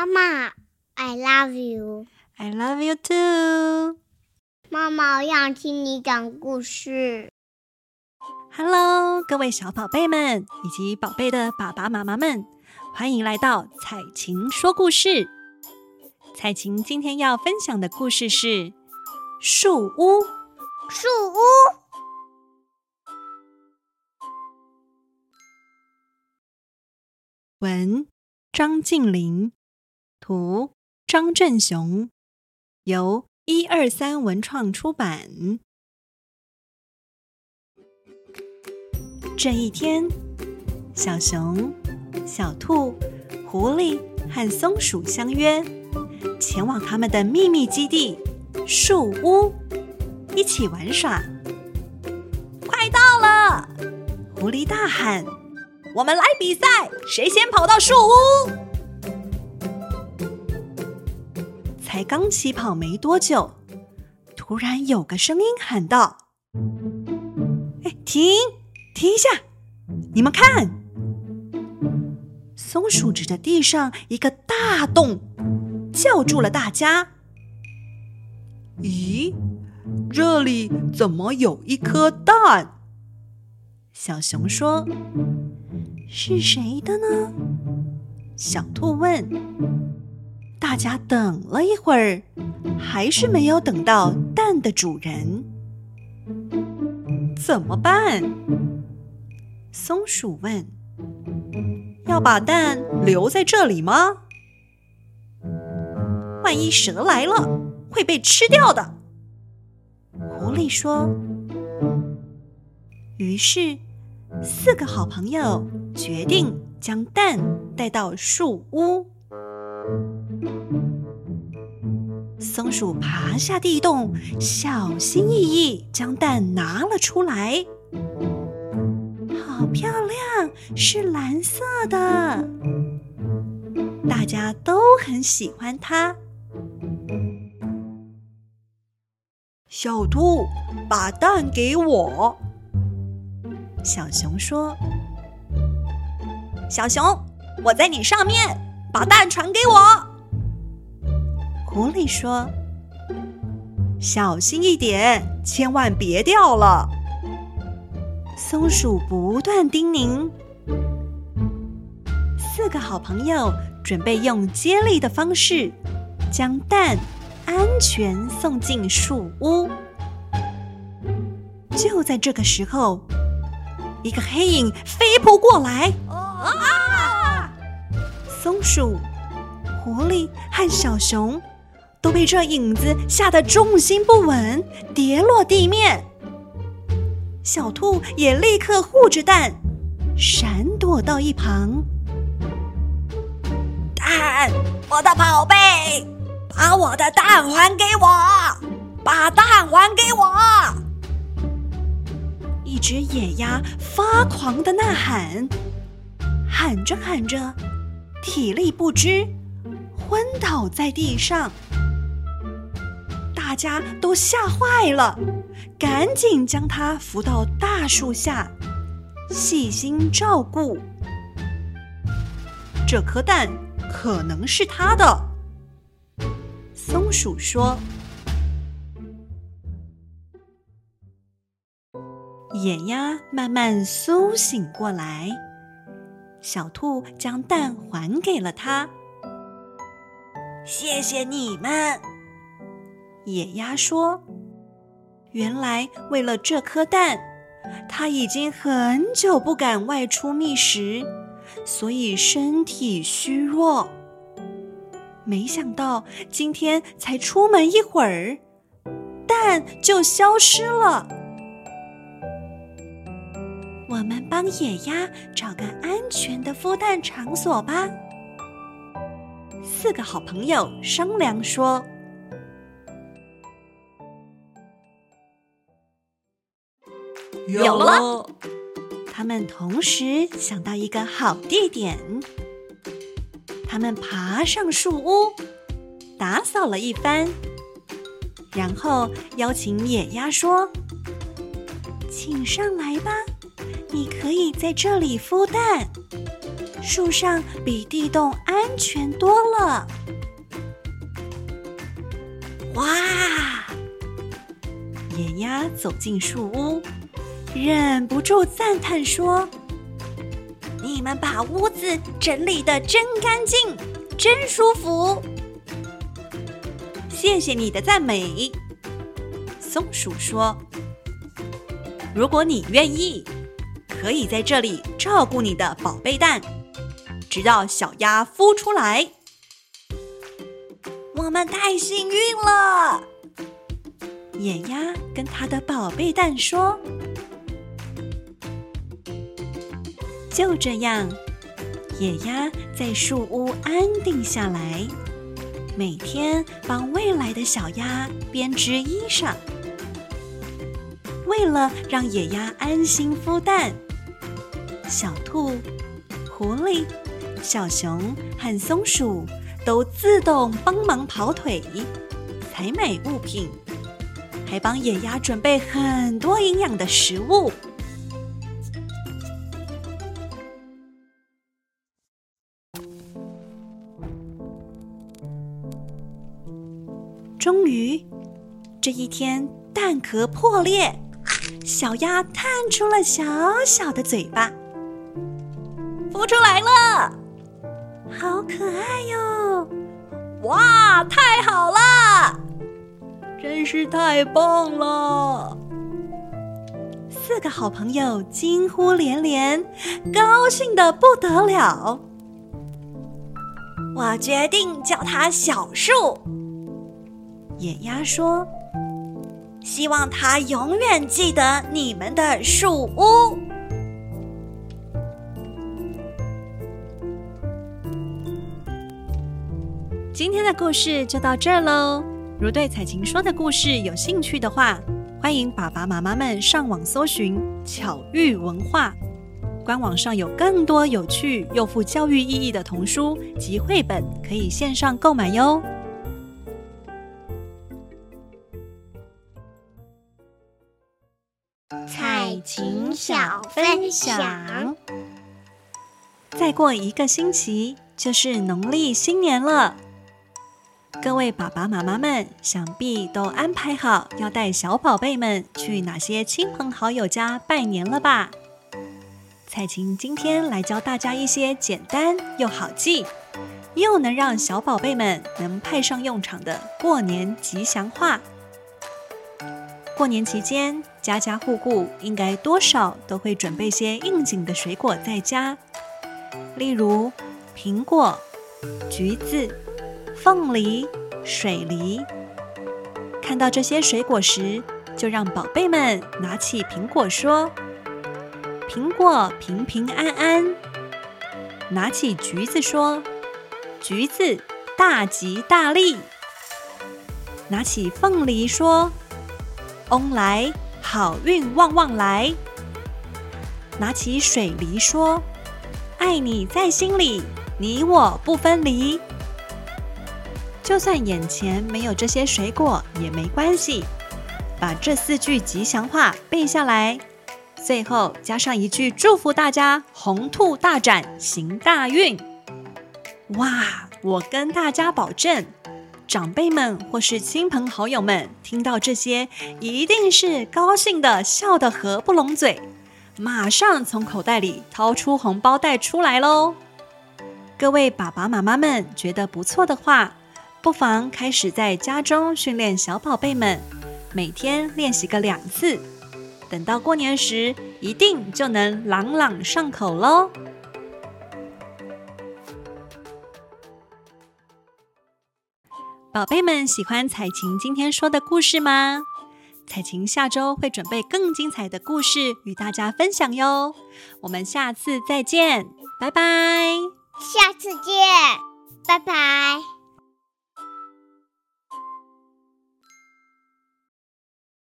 媽媽，I love you. I love you too. 媽媽，我想聽你講故事。哈嘍，各位小寶貝們以及寶貝的爸爸媽媽們，歡迎來到彩琴說故事。彩琴今天要分享的故事是《樹屋》。樹屋。文，張晉霖。圖，張正雄。由一二三文創出版。這一天，小熊、小兔、狐狸和松鼠相約前往他們的秘密基地樹屋，一起玩耍。快到了！狐狸大喊：“我們來比賽，誰先跑到樹屋？”才剛起跑沒多久，突然有個聲音喊道：“哎，停，停一下！你們看！”松鼠指着地上一個大洞，叫住了大家。“咦，這裡怎麼有一顆蛋？”小熊說：“是誰的呢？”小兔問。大家等了一會兒，還是沒有等到蛋的主人。怎麼辦？松鼠問：“要把蛋留在這裡嗎？萬一蛇來了，會被吃掉的。”狐狸說。於是，四個好朋友決定將蛋帶到樹屋。松鼠爬下地洞，小心翼翼將蛋拿了出來。好漂亮，是藍色的，大家都很喜歡它。小兔把蛋給我，小熊說：“小熊，我在你上面。”把蛋傳給我，狐狸說：“小心一點，千萬別掉了。”松鼠不斷叮嚀。四個好朋友準備用接力的方式，將蛋安全送進樹屋。就在這個時候，一個黑影飛撲過來。啊啊！松鼠、狐狸和小熊都被這影子嚇得重心不穩，跌落地面。小兔也立刻護着蛋，閃躲到一旁。蛋，我的寶貝，把我的蛋還給我！把蛋還給我！一隻野鴨發狂的吶喊，喊着喊着。體力不支，昏倒在地上，大家都嚇壞了，趕緊將它扶到大樹下，細心照顧。這顆蛋可能是他的，松鼠說。野鴨慢慢甦醒過來。小兔將蛋還給了它。謝謝你們。野鴨說：“原來為了這顆蛋，它已經很久不敢外出覓食，所以身體虛弱。沒想到今天才出門一會兒，蛋就消失了。”我們幫野鴨找個安全的孵蛋場所吧！四個好朋友商量說有：“有了！”他們同時想到一個好地點。他們爬上樹屋，打掃了一番，然後邀請野鴨說：“請上來吧。”你可以在這裡孵蛋，樹上比地洞安全多了。哇！野鴨走進樹屋，忍不住讚嘆說：“你們把屋子整理得真乾淨，真舒服。”謝謝你的讚美，松鼠說：“如果你願意。”可以在這裡照顧你的寶貝蛋，直到小鴨孵出來。我們太幸運了！野鴨跟它的寶貝蛋說。就這樣，野鴨在樹屋安定下來，每天幫未來的小鴨編織衣裳，為了讓野鴨安心孵蛋。小兔、狐狸、小熊和松鼠都自動幫忙跑腿、採買物品，還幫野鴨準備很多營養的食物。終於，這一天蛋殼破裂，小鴨探出了小小的嘴巴。孵出來了，好可愛喲、哦！哇，太好了，真是太棒了！四個好朋友驚呼連連，高興得不得了。我決定叫它小樹。野鴨說：“希望它永遠記得你們的樹屋。”今天的故事就到這兒嘍。如對彩琴說的故事有興趣的話，歡迎爸爸媽媽們上網搜尋巧育文化，官網上有更多有趣又富教育意義的童書及繪本，可以線上購買喲。彩琴小分享：再過一個星期就是農曆新年了。各位爸爸媽媽們，想必都安排好要帶小寶貝們去哪些親朋好友家拜年了吧？蔡琴今天來教大家一些簡單又好記，又能讓小寶貝們能派上用場的過年吉祥話。過年期間，家家戶戶應該多少都會準備些應景的水果在家，例如蘋果、橘子。鳳梨、水梨，看到這些水果時，就讓寶貝們拿起蘋果說：“蘋果平平安安。”拿起橘子說：“橘子大吉大利。”拿起鳳梨說：“翁來好運旺旺來。”拿起水梨說：“愛你在心裡，你我不分離。”就算眼前沒有這些水果也沒關係，把這四句吉祥話背下來，最後加上一句祝福大家鴻兔大展、行大運。哇，我跟大家保證，長輩們或是親朋好友們聽到這些，一定是高興的笑得合不攏嘴，馬上從口袋裡掏出紅包袋出來嘍。各位爸爸媽媽們覺得不錯的話，不妨開始在家中訓練小寶貝們，每天練習個兩次，等到過年時，一定就能朗朗上口嘍。寶貝們喜歡彩琴今天說的故事嗎？彩琴下周會準備更精彩的故事與大家分享喲。我們下次再見，拜拜。下次見，拜拜。